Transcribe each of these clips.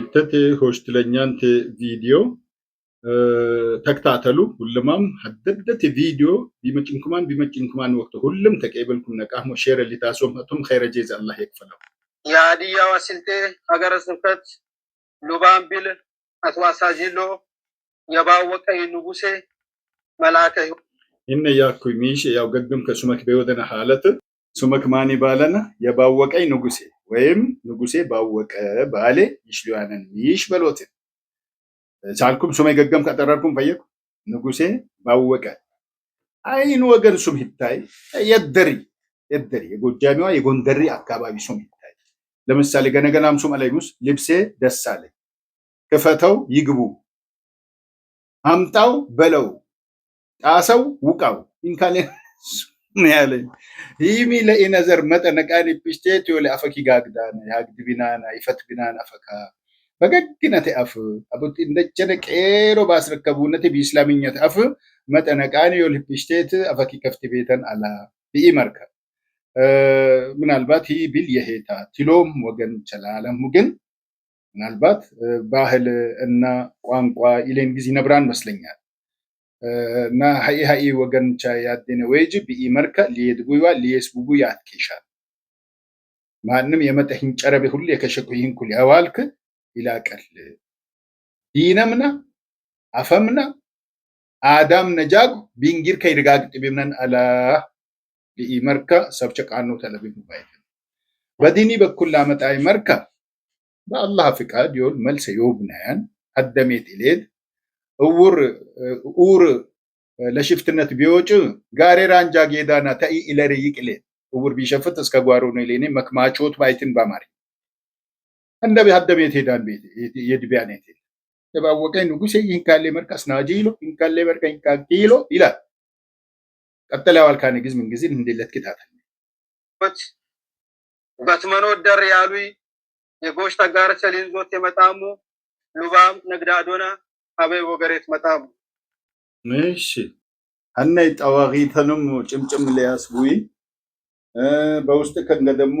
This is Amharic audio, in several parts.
ittati hoostilanyante viidiyoo ተከታተሉ ሁልማም ሀደደት ቪዲዮ ቢመጭንኩማን ቢመጭንኩማን ወቅቱ ሁሉም ተቀበልኩም ነቃሞ ሼር ሊታሶም አቱም ኸይረ ጀዝ አላህ ይክፈለው የሀዲያዋ ስልጤ ሀገረ ስብከት ሉባምቢል አቶ አሳጂሎ የባወቀ ንጉሴ መላከ እነ ያኩ ሚሽ ያው ገግም ከሱመክ በወደነ ሐለት ሱመክ ማን ይባለና የባወቀይ ንጉሴ ወይም ንጉሴ ባወቀ ባሌ ይሽልዋንን ይሽ በሎት ቻልኩም ሱሜ ይገገም ከጠረርኩም ፈየኩ ንጉሴ ባወቀ አይን ወገን ሱም ይታይ የደሪ የደሪ የጎጃሚዋ የጎንደሪ አካባቢ ሱም ይታይ ለምሳሌ ገነገናም ሱም አለይሙስ ልብሴ ደስ ደሳለ ክፈተው ይግቡ አምጣው በለው ጣሰው ውቃው ኢንካሌ ያለኝ ሂሚ ለኢነዘር መጠነቃን ፒስቴትዮ ለአፈኪ ጋግዳነ ያግድ ቢናና ይፈት ቢናን አፈካ በገግነቴ አፍ አቡት እንደጀነ ቄሮ ባስረከቡነት ቢስላሚኘት አፍ መጠነቃን ዮል ፒስቴት አፈኪ ከፍት ቤተን አላ ብኢ ምናልባት ይህ ቢል የሄታ ቲሎም ወገን ቸላለሙ ግን ምናልባት ባህል እና ቋንቋ ኢሌን ጊዜ ነብራን መስለኛል ና ሀይ ሀይ ወገን ቻ yaadene weji bi'i መርከ ሊየድጉያ ሊየስቡጉ ያትኬሻል ማንም የመጠ ሂንጨረቤ ሁሉ የከሸኩ ይህንኩል ያዋልክ ይላቀል ዲነምና አፈምና አዳም ነጃጉ ቢንጊር ከይርጋግጥ ቢምነን አላ ቢኢ መርከ ሰብቸ ቃኖ ተለቢም ባይ በዲኒ በኩል ላመጣይ መርከ በአላህ ፍቃድ ዮል መልሰ ዮብናያን አደሜት ኢሌድ እውር ኡር ለሽፍትነት ቢወጭ ጋሬ ራንጃ ጌዳና ተኢ ኢለሪ ይቅሌ እውር ቢሸፍት እስከ ጓሮ ነው ሌኔ መክማቾት ባይትን በማሪ እንደ ቢያደም የትሄዳን ቤት የድቢያን የትሄድ የባወቀኝ ንጉሴ ይህን ይህንካሌ መርቀስ ናጂ ይሎ ይህንካሌ መርቀ ይንካቂ ይሎ ይላል። ቀጠለ ካነ ግዝ ምን ጊዜ እንዴለት ኪታታል በትመኖ ደር ያሉይ የጎሽ ተጋር ሰሊንዞት የመጣሙ ሉባም ነግዳዶና አበይ ወገሬት መጣም እሺ አናይ ጠዋቂተንም ጭምጭም ሊያስቡይ በውስጥ ከነ ደግሞ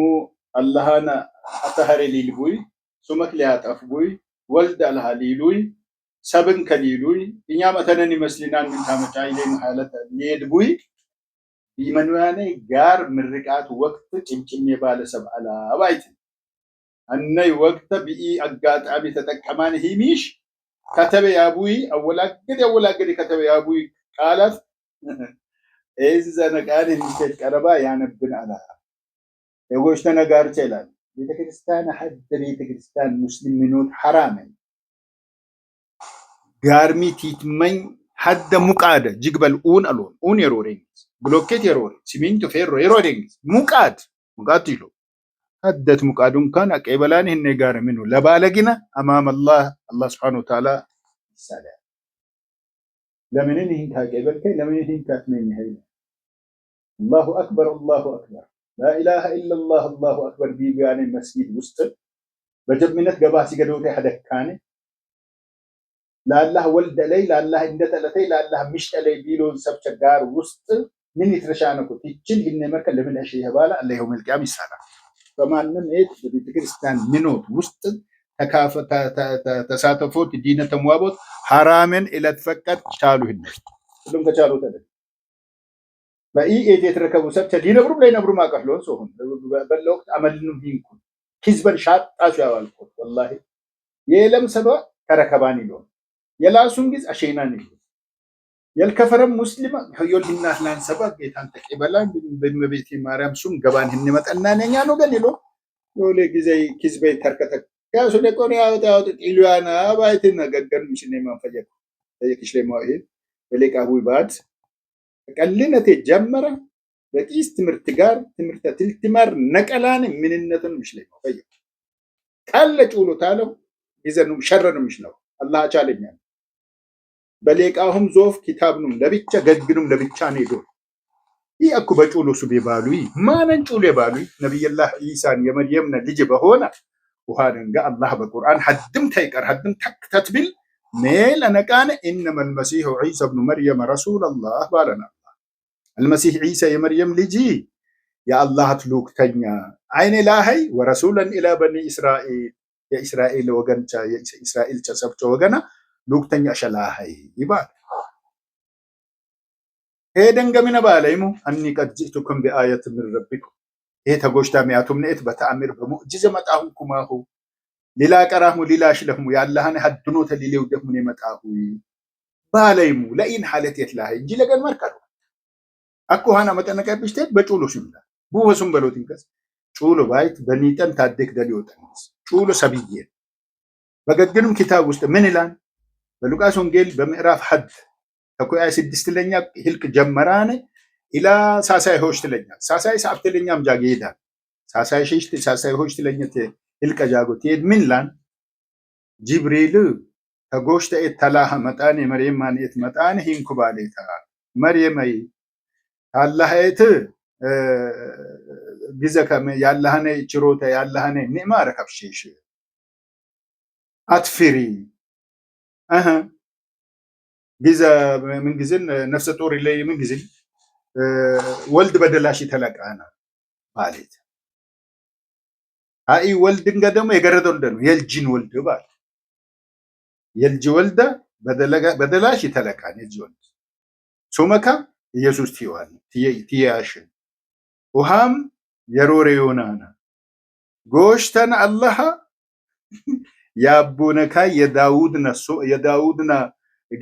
አላሃና አታሃሪ ሊልቡይ ሱመክ ሊያጠፍቡይ ወልድ አልሃ ሊሉይ ሰብን ከሊሉይ እኛ መተነን ይመስልና ይመስልናል ታመጫ ይሌ ማለት ሊሄድቡይ ይመኑያኔ ጋር ምርቃት ወቅት ጭምጭም ጭምጭሜ ባለሰብ አባይት አነይ ወቅት ብኢ አጋጣሚ ተጠቀማን ሂሚሽ ከተበ ያቡይ አወላግድ ያወላግድ ከተበ ያቡይ ቃላት እዚ ዘነቃል የሚሰጥ ቀረባ ያነብን አላ የጎች ተነጋርቻ ይላል ቤተክርስቲያን ሐደ ቤተክርስቲያን ሙስሊም ምኖት ሐራመን ጋርሚ ቲትመኝ ሐደ ሙቃደ ጅግበል ኡን አሎን ኡን የሮሬንስ ብሎኬት የሮሬ ሲሚንቶ ፌሮ የሮሬንስ ሙቃድ ሙቃድ ይሎ አደት ሙቃ ዱንካና ቀበላን ህኔ ጋር ምኑ ለባለግና አማም አላህ አላህ ሱብሓነሁ ወተዓላ ይሳላል። ለምንን ይህን ካቀበልከኝ ለምንን ይህን ካትመኝ ሀይል አላሁ አክበር አላሁ አክበር ላኢላሃ ኢለላህ አላሁ አክበር ቢቢያኔ መስጊድ ውስጥ በጀሚነት ገባ ሲገዶቴ ሀደካኔ ለአላህ ወልደለይ ለአላህ እንደጠለተይ ለአላህ ምሽጠለይ ቢሎን ሰብቸ ጋር ውስጥ ምን ይትረሻነኩ ትችን ህኔ መርከ ለምን ሸ ባላ አለ የውም ልቅያም ይሳላል በማንም ሄድ በቤተክርስቲያን ምኖት ውስጥ ተሳተፎት ዲነ ተሟቦት ሐራምን እለትፈቀድ ቻሉ ህነ ሁሉም ከቻሉ ተደ በኢኤት የተረከቡ ሰብቸ ሊነብሩም ላይነብሩም አቀፍለሆን ሰሆን በለወቅት አመልንም ሂንኩን ሂዝበን ሻጣሱ ያዋልኮት ወላሂ የለም ሰበ ተረከባን ይለሆን የላሱን ጊዜ አሸይናን ይለሆን የልከፈረም ሙስሊም ሆዮልና ላንሰባ ጌታን ተቀበላ በመቤቴ ማርያም ሱም ገባን እንመጣና ነኛ ነው ገን ይሎ ዮሌ ጊዜ ኪዝበይ ተርከተ ያሱ ለቆን ያውት ያውት ኢሉያና ባይት ነገገር ምሽ ነው ማፈጀት ጠይቅሽ ለማው ይሄ በሌቃ ሁይ ባት ቀልነቴ ጀመረ በቂስ ትምህርት ጋር ትምህርተ ትልትማር ነቀላን ምንነትን ምሽ ለማው ፈጀት ቀለጭ ውሎ ታለው ይዘኑ ሸረንም ምሽ ነው አላህ አቻለኛል በሌቃሁም ዞፍ ኪታብኑም ለብቻ ገግኑም ለብቻ ኔዶ ይህ አኩ በጩሉ ሱቤ ባሉይ ማነን ጩሉ የባሉ ነቢይላህ ኢሳን የመርየምነ ልጅ በሆነ ውሃደንጋ አላህ በቁርአን ሀድም ተይቀር ሀድም ተክ ተትብል ሜል አነቃነ ኢነመ ልመሲሑ ዒሳ ብኑ መርየመ ረሱል አላህ ባለና አልመሲሕ ዒሳ የመርየም ልጂ የአላህ ትሉክተኛ አይኔ ላሀይ ወረሱለን ኢላ በኒ እስራኤል የእስራኤል ወገንቻ የእስራኤል ቸሰብቸ ወገና Luktan shalaa hayii ኤደን ገሚነ ባለይሙ አኒ ቀድ ጅእቱኩም ቢአየት ምን ረቢኩም ይሄ ተጎሽታ ሚያቱም ንእት በተአምር በሙዕጅዘ መጣሁ ኩማሁ ሌላ ቀራሙ ሌላ ሽለህሙ ያላህን ሀድኖ ተሊሌው ደሙን የመጣሁ ባለይሙ ለኢን ሀለት የትላህ እንጂ ለገን መርከሩ አኩ መጠነቀ ብሽቴት በጩሎ ሽምላ ቡወሱም በሎት እንቀስ ጩሎ ባይት በኒጠን ታደክ ደሊወጠንስ ጩሎ ሰብዬ በገግንም ኪታብ ውስጥ ምን ይላል በሉቃስ ወንጌል በምዕራፍ ሀድ ተኮያ ስድስት ለኛ ህልቅ ጀመራን ኢላ ሳሳይ ሆሽ ትለኛ ሳሳይ ሰዓብት ለኛ ጃገ ይሄዳል ሳሳይ ሽሽት ሳሳይ ሆሽ ትለኛ ህልቀ ጃጎ ትሄድ ምን ላን ጅብሪል ተጎሽ ተኤት ተላሀ መጣን የመርየም ማንኤት መጣን ሂንኩ ባሌታ መርየመይ ታላህኤት ግዘ ከመ ያላህነ ችሮተ ያላህነ ኒዕማ ረከብሽሽ አትፊሪ ቢዘ ምንጊዜን ነፍሰ ጡር ይለይ ምንጊዜ ወልድ በደላሽ ተለቃና ማለት አይ ወልድ እንገ ደግሞ የገረደ ወልደ ነው የልጅን ወልድ ባል የልጅ ወልደ በደላሽ ይተለቃን የልጅ ወልድ ሱመካ ኢየሱስ ትይዋል ትያሽን ውሃም የሮሬ ዮናና ጎሽተን አላሃ የአቡነካ የዳውድና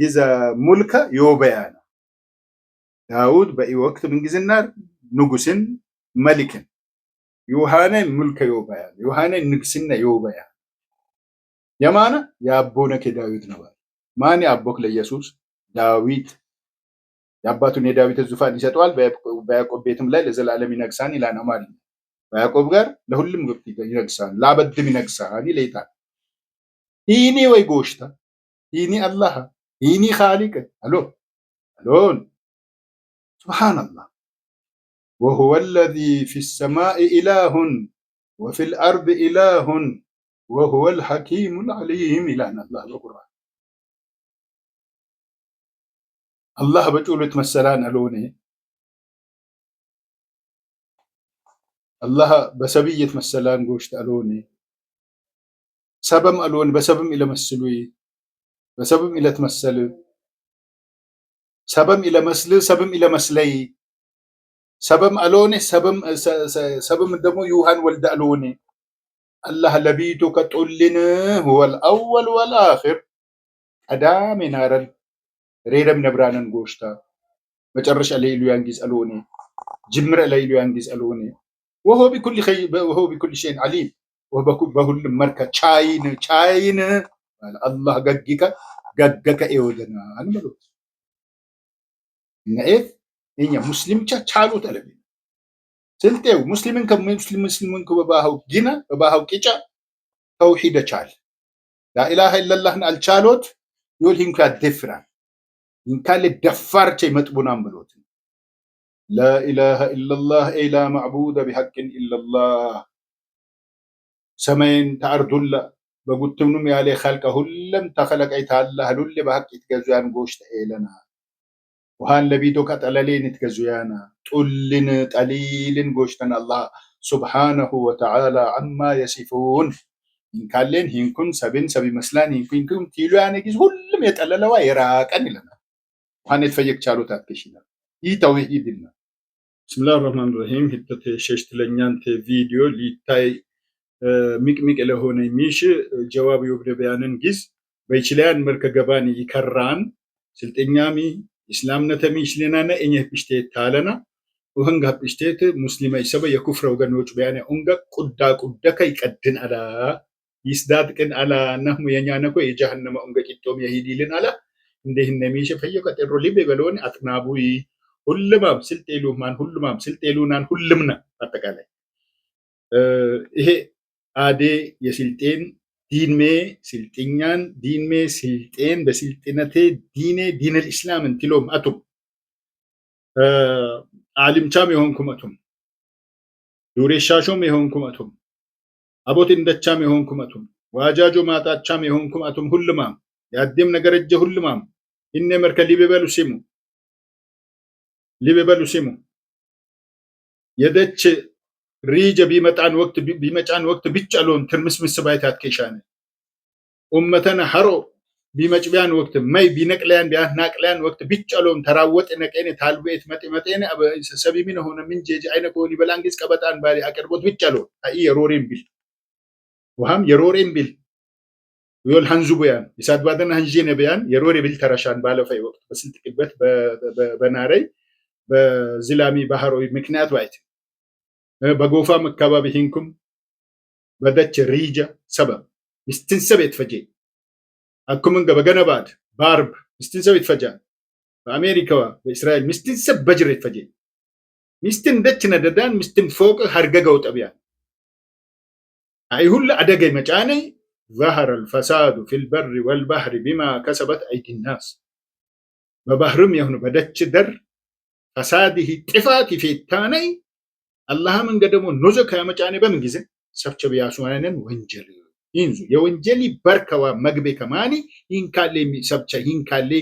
ጊዜ ሙልከ ዮበያ ነው። ዳውድ በኢወቅት ምንጊዜና ንጉስን መሊክን ዮሐነ ሙልከ ዮበያ ዮሐነ ንግስና ዮበያ የማነ የአቦነከ ዳዊት ነው። ማን አቦክ ለኢየሱስ ዳዊት የአባቱን የዳዊትን ዙፋን ይሰጠዋል፣ በያዕቆብ ቤትም ላይ ለዘላለም ይነግሳን ይላል። አማርኛ በያዕቆብ ጋር ለሁሉም ይነግሳን፣ ለአበድም ይነግሳን ይለይታል። ايني غوشتا ايني الله ايني خالق الو الو سبحان الله وهو الذي في السماء اله وفي الارض اله وهو الحكيم العليم الهنا الله القران الله بتقول تمثلان الوني الله بسبيه تمثلان غوشت الوني ሰበም አልወን በሰብም ኢለመስሉ በሰብም ኢለትመሰል ሰበም ኢለመስል ሰብም ኢለመስለይ ሰበም አልወን ሰበም ሰበም ደሞ ዩሃን ወልደ አልወን አላህ ለቢቱ ከጡልን ሁወል አወል ወል አኺር ቀዳሜ ናረን ሬረም ነብራንን ጎሽታ መጨረሻ ላይ ኢሉ ያንጊዝ አልወን ጅምረ ላይ ያንጊዝ አልወን وهو بكل خي... وهو بكل شيء عليم በሁሉም መርከ ቻይን ቻይን አላህ ገጊከ ገገከ ኤወደናን በሉት ነኤት እኛ ሙስሊምቻ ቻሉት አለ ስልጤው ሙስሊምን ከሙስሊም ሙስሊምን በባሃው ጊነ በባሃው ቂጫ ተውሂደ ቻል ላኢላሃ ኢለላህን አልቻሎት ዮል ሂንኳ ደፍራን ይንካሌ ደፋርቼ መጥቡናን ብሎት ላኢላሃ ኢለላህ ኤላ ማዕቡደ ቢሐቅን ኢለላህ ሰመይን ተአርዱለ በጉትምኑም ያሌ ኸልቀ ሁለም ተኸለቀይታላ ሉሌ በሐቅ ይትገዙያን ጎሽተ ኤለና ውሃን ለቢቶ ቀጠለሌን ይትገዙያና ጡልን ጠሊልን ጎሽተን አላ ሱብሓነሁ ወተዓላ አማ የሲፉን ይንካሌን ሂንኩን ሰብን ሰብ ይመስላን ሂንኩን ቲሉ ያኔ ጊዜ ሁሉም የጠለለዋ የራቀን ይለናል ውሃን የተፈየቅ ቻሎት አትገሽላል ይህ ተውሂድና ብስምላህ ረህማን ረሂም ሂተቴ ሸሽትለኛንቴ ቪዲዮ ሊታይ ሚቅሚቅ ለሆነ ሚሽ ጀዋብ ዮብደቢያንን ጊስ በይችላያን መልከ ገባን ይከራን ስልጠኛሚ እስላምነተ ይችልናነ እኘህ ጲሽቴት ታለና ውህንጋ ጲሽቴት ሙስሊመ ይሰበ የኩፍረ ወገኖች ቢያነ ኡንጋ ቁዳ ቁደከ ይቀድን አላ ይስዳጥቅን አላ ነህሙ የኛነኮ የጃሃነመ ኡንጋ ቂጦም የሂዲልን አላ እንደህነ ሚሽ ፈየቀ ጤሮ ሊቤ በለሆን አጥናቡ ሁልማም ስልጤሉማን ሁልማም ስልጤሉናን ሁልምና አጠቃላይ ይሄ አዴ የስልጤን ዲንሜ ስልጥኛን ዲንሜ ስልጤን በስልጥነቴ ዲኔ ዲነል ኢስላምን ትሎም አቱም አሊምቻም የሆንኩም አቱም ዱሬሻሾም የሆንኩም አቱም አቦት እንደቻም የሆንኩም አቱም ዋጃጆ ማጣቻም የሆንኩም አቱም ሁልማም የአዴም ነገረጀ ሁልማም እኔ መርከ ሊቤበሉ ሲሙ ሊቤበሉ ሲሙ የደች ሪጀ ቢመጣን ወቅት ቢመጫን ወቅት ብቻ ሎን ትርምስ አትከሻነ ኡመተን ሐሮ ቢመጭቢያን ወቅት መይ ቢነቅለያን ቢያናቅለያን ወቅት ብቻ ተራወጥ ነቀኔ ታልቤት መጥ መጥኔ ሰቢሚን ሆነ ምንጄጅ አይነ ኮኒ በላንግስ ቀበጣን ባሪ አቅርቦት ብቻ ሎን ቢል ውሃም የሮሬን ቢል ዮል ሀንዙ ቡያን የሳድባደን ሀንዤ ነቢያን የሮሬ ቢል ተረሻን ባለፈይ ወቅት በስልጥቅበት በናረይ በዝላሚ ባህሮዊ ምክንያት ባይትም በጎፋም አካባቢ ሂንኩም በደች ሪጃ ሰበብ ምስትን ሰብ የትፈጄ አኩምን በገነባድ ባርብ ምስትን ሰብ የትፈጃ በአሜሪካዋ በእስራኤል ምስትን ሰብ በጅር የትፈጄ ሚስትን ደች ነደዳን ምስትን ፎቅ ሀርገገው ጠቢያ አይ ሁላ አደገ መጫነ ظهر الفساد في البر والبحر بما كسبت أيدي الناس በባህርም የሆኑ በደች ደር ፈሳድህ ጥፋት ይፌታነይ አላህ መንገድ ደግሞ ኖዞ ከመጫኔ በምን ጊዜ ሰብቸብ ያሱነን ወንጀል ይንዙ የወንጀል በርከዋ መግቤ ከማኒ ይንካሌ ሰብቸ ይንካሌ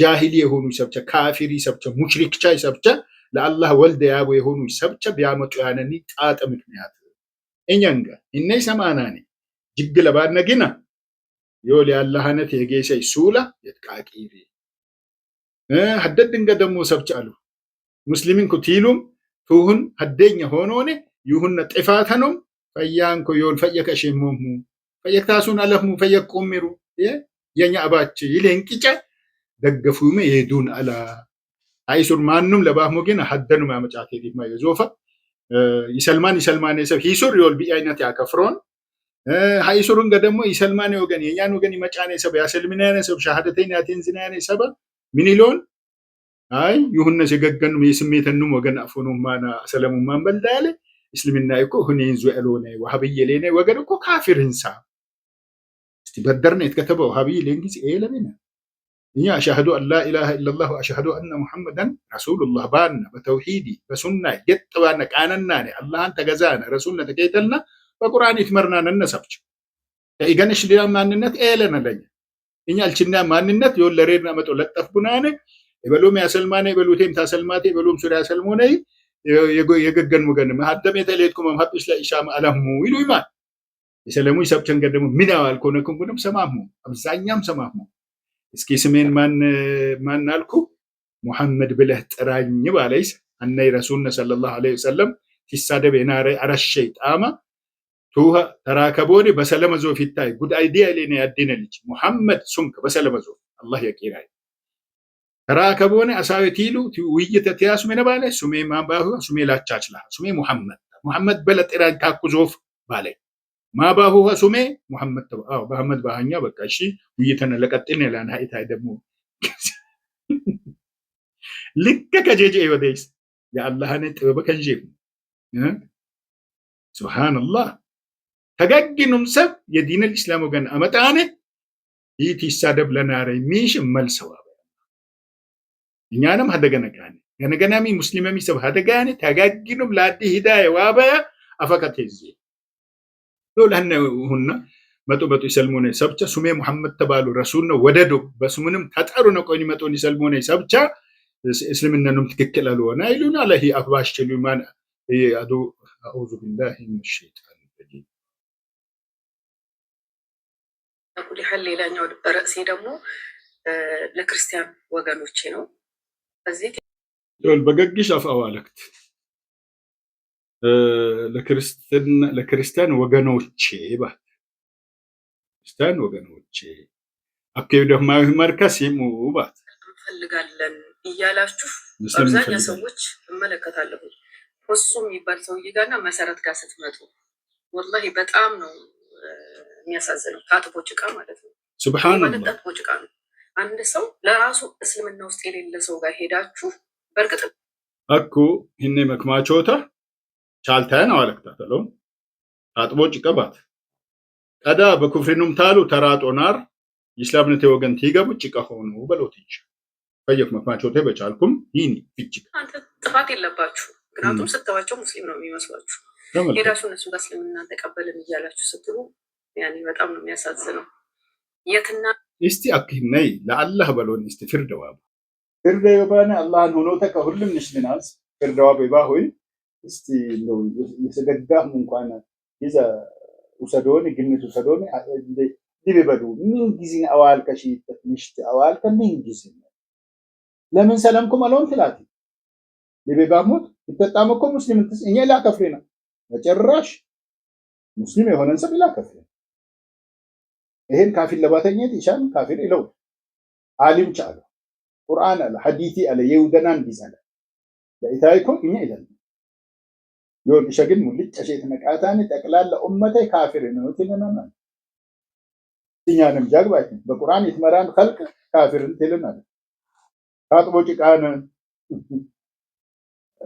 ጃሂል የሆኑ ሰብቸ ካፊሪ ሰብቸ ሙሽሪክ ቻይ ሰብቸ ለአላህ ወልደ ያቦ የሆኑ ሰብቸ ቢያመጡ ያነኒ ጣጥ ምክንያት እኛንጋ እነይ ሰማናኒ ጅግ ለባነግና ዮል ያላህነት የጌሰይ ሱላ የጥቃቂሪ ሀደድንገ ደግሞ ሰብቸ አሉ ሙስሊሚን ኩቲሉም tuuhun haddeenya hoonoone yuuhunna xifaatanom fayyaanko yoon fayyaka ishemmoommu fayyaktaasuun alafmu fayyakkoommiru የኛ አባች ይሌንቅጨ ደገፉመ የዱን አላ አይሱር ማኑም ለባህሙ ግን ሀደኑ ማመጫቴ ዲማ የዞፈ ይሰልማን ይሰልማን የሰብ ሂሱር ይወል ቢአይነት ያከፍሮን ሀይሱርን ገደሞ ይሰልማን ወገን የኛን ወገን ይመጫን የሰብ ያሰልሚናን የሰብ ሻሃደተኝ ያቴንዝናን የሰበ ምን ይሎን አይ ይሁነ የገገኑ የስሜተኑም ወገን አፎኖማና ሰለሙማን በልዳለ እስልምና እኮ ሁኔን ዙዕሎነ ወሀብየሌነ ወገን እኮ ካፊር ህንሳ እስቲ በደርነ የተከተበ ወሀብይ ሌን ጊዜ ኤለሜና እኛ አሻህዱ አላ ኢላሃ ኢለላህ ወአሻህዱ አነ ሙሐመደን ረሱሉላህ ባና በተውሂዲ በሱና የጥ ባና ቃነናነ አላህን ተገዛነ ረሱልነ ተከይተልና በቁርአን ይትመርናነ ነሰብች ከኢገነሽ ሌላ ማንነት ኤለመለኛ እኛ አልችና ማንነት የወለሬድና መጦ ለጠፍ ቡናነ የበሎም ያሰልማነ የበሉቴም ታሰልማቴ የበሎም ሱሪያ ሰልሞነ የገገን ወገን ሀደም የተሌትኩ መሀብስ ለኢሻ አላሙ ይሉ ይማል የሰለሙ ሰብቸን ገደሙ ሚናው አልኮነኩም ጉንም ሰማሙ አብዛኛም ሰማሙ እስኪ ስሜን ማን አልኩ ሙሐመድ ብለህ ጥራኝ ባለይስ አነይ ረሱልነ ሰለላሁ ዐለይሂ ወሰለም ሲሳደብ የናረ አረሸይ ጣማ ቱሃ ተራከቦኒ በሰለመ ዞፍ ጉድ አይዲያ ሌነ ያዲነ ሙሐመድ ሱንክ በሰለመ አላህ የቂራይ ራከቦኔ አሳዊ ውይይት ቲያ ሱሜ ነባለ ሱሜ ማባሁ ሱሜ ላቻችላ ሱሜ ሙሐመድ ሙሐመድ በለጤራ ካኩዞፍ ባለ ማባሁ ሱሜ ሙሐመድ ተ በአህመድ ባህኛ በቃ እሺ ውይይትን ለቀጥል ላናይታይ ደግሞ ልክ ከጄጄ ወደይስ የአላህን ጥበበ ከንጄ ስብሓንላህ ተገግኑም ሰብ የዲን ልእስላም ወገን አመጣነ ይህ ለናረ ሚሽ መልሰዋ እኛንም ሀደገነቃኒ ገነገናሚ ሙስሊመሚ ሰብ ተጋግኑም ለአዲ ሂዳ የዋበያ አፈቀት ዚ ሎላነ ሁና መጡ መጡ ይሰልሙነ ሰብቻ ሱሜ ሙሐመድ ተባሉ ረሱል ነው ወደዱ በሱምንም ተጠሩ ነቆኒ መጦን ይሰልሙነ ሰብቻ እስልምናኑም ትክክል አልሆነ ይሉና ለሂ አፍባሽ ችሉማን አዱ አዑዙ ቢላሂ ሚነ ሸይጣን ረጂም ሌላኛው ርዕሴ ደግሞ ለክርስቲያን ወገኖቼ ነው በገጊሽ አፍ አዋልክት ለክርስቲያን ወገኖቼ ባት ክርስቲያን ወገኖቼ አኬው ደማዊ መርከስ ይሙ ባት እንፈልጋለን እያላችሁ አብዛኛ ሰዎች እመለከታለሁ። ሆሱ የሚባል ሰውዬ ጋርና መሰረት ጋር ስትመጡ ወላሂ በጣም ነው የሚያሳዝነው። ከአጥቦ ጭቃ ማለት ነው። ሱብሃንአላህ ጭቃ ነው። አንድ ሰው ለራሱ እስልምና ውስጥ የሌለ ሰው ጋር ሄዳችሁ በእርግጥ እኩ ህኔ መክማቾታ ነው አለክታተሎ አጥቦ ጭቀባት ቀዳ በኩፍሪኑም ታሉ ተራጦናር ይስላምነት ወገን ቲገቡ ጭቀ ሆኑ በሎትች ፈየፍ መክማቾቴ በቻልኩም ይህኒ አንተ ጥፋት የለባችሁ። ምክንያቱም ስተዋቸው ሙስሊም ነው የሚመስሏችሁ ሄዳችሁ እነሱ ጋር እስልምና ተቀበልን እያላችሁ ስትሉ ያኔ በጣም ነው የሚያሳዝነው የትና እስቲ አኪህ ነይ ለአላህ በሎን እስቲ ፍርደዋብ ፍርደ የባነ አላህን ሆኖተ ከሁሉም ንሽልናዝ ፍርደዋብ የባ ሆይ እስቲ የሰገጋም እንኳን ይዘ ውሰዶን ግምት ውሰዶን ድብበዱ ምን ጊዜን አዋልከ ሽይተት ምሽት አዋልከ ምን ጊዜ ለምን ሰለምኩም አለውን ትላት ድብባሞት ይጠጣም እኮ ሙስሊም እኛ ላከፍሬና በጭራሽ ሙስሊም የሆነን ሰብ ላከፍሬና ይሄን ካፊር ለማተኘት ይቻል ካፊር ይለው ዓሊም ቻለ ቁርአን አለ ሐዲቲ አለ የውደናን ቢዛለ ለኢታይኮ እኛ ይላል ዮን ሸግን ሙልጭ ሸይት ነቃታን ጠቅላላ ኡመቴ ካፊር ነው ትለናና እኛንም ጃግባይ በቁርአን ይትመራን ኸልቅ ካፊርን ትለናል ካጥቦ ጭቃን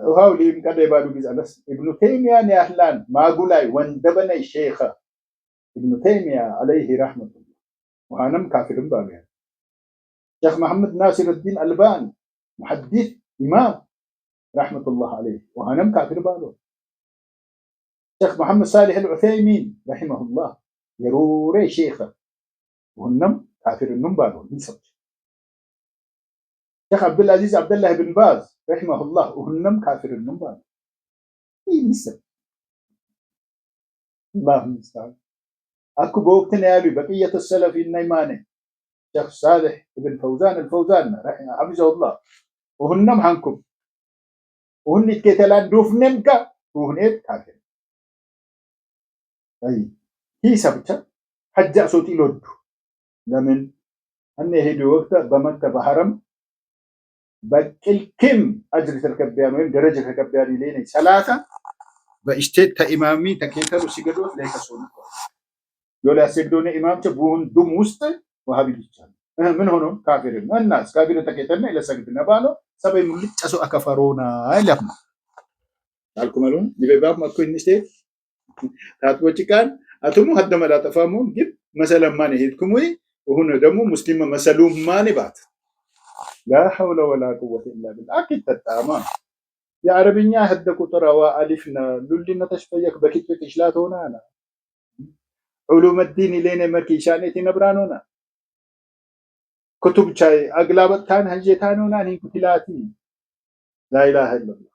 ውሃው ሊም ቀደ ባዱ ጊዜ አለስ ኢብኑ ተይሚያን ያህላን ማጉላይ ወንደበነይ ሼኸ ابن تيمية عليه رحمة الله وأنا مكافر بابها شيخ محمد ناصر الدين الباني محدث إمام رحمة الله عليه وأنا مكافر بابها شيخ محمد صالح العثيمين رحمه الله يروري شيخه وهنم كافر النم بابها شيخ عبد العزيز عبد الله بن باز رحمه الله وهنم كافر النم بابها إيه نسب اللهم المستعان Aku bu abi bakiyat selefin neymane. Şeyh Salih ibn Fevzan el Fevzan hafizahullah. Uhunnam hankum. Uhunnit ketelan dufnem ka uhunet kafir. Ay. Hisa bicha hajja soti loddu. Lamin anne ሄዱ ወቅት በመከ በሐረም በቅልክም አጅር ተርከቢያን ወይም ደረጃ ተከቢያን ይለኝ ሰላታ በእሽቴት ተኢማሚ ተከተሉ ሲገዶት ላይ ከሶኑ يولا سيدون إمام تبون دم وسط وهابي ليشان إيه، من هنا كافرين الناس كافرين تكترنا إلى سجد نبالو سبب ملتش أسوأ كفرونا إلهكم لكم ألون دي باب ما كوين نشتي تاتو تشكان أتمو حد ما لا تفهمو جب مثلا ما نهيدكم وي وهنا دمو مسلم مسلوم ما نبات لا حول ولا قوة إلا بالله أكيد تتعامل يا عربي نيا هدكو تراوا ألفنا لولي نتشفيك بكتبك إشلات هنا أنا ዑሉመዲን ኢሌኔ መርክ ኢሻኔቲን ብራኖና ኩቱብ ቻይ አግላበጥታን ሀንጄታኖና ሂንኩቲላቲ ላኢላሃ ኢለላህ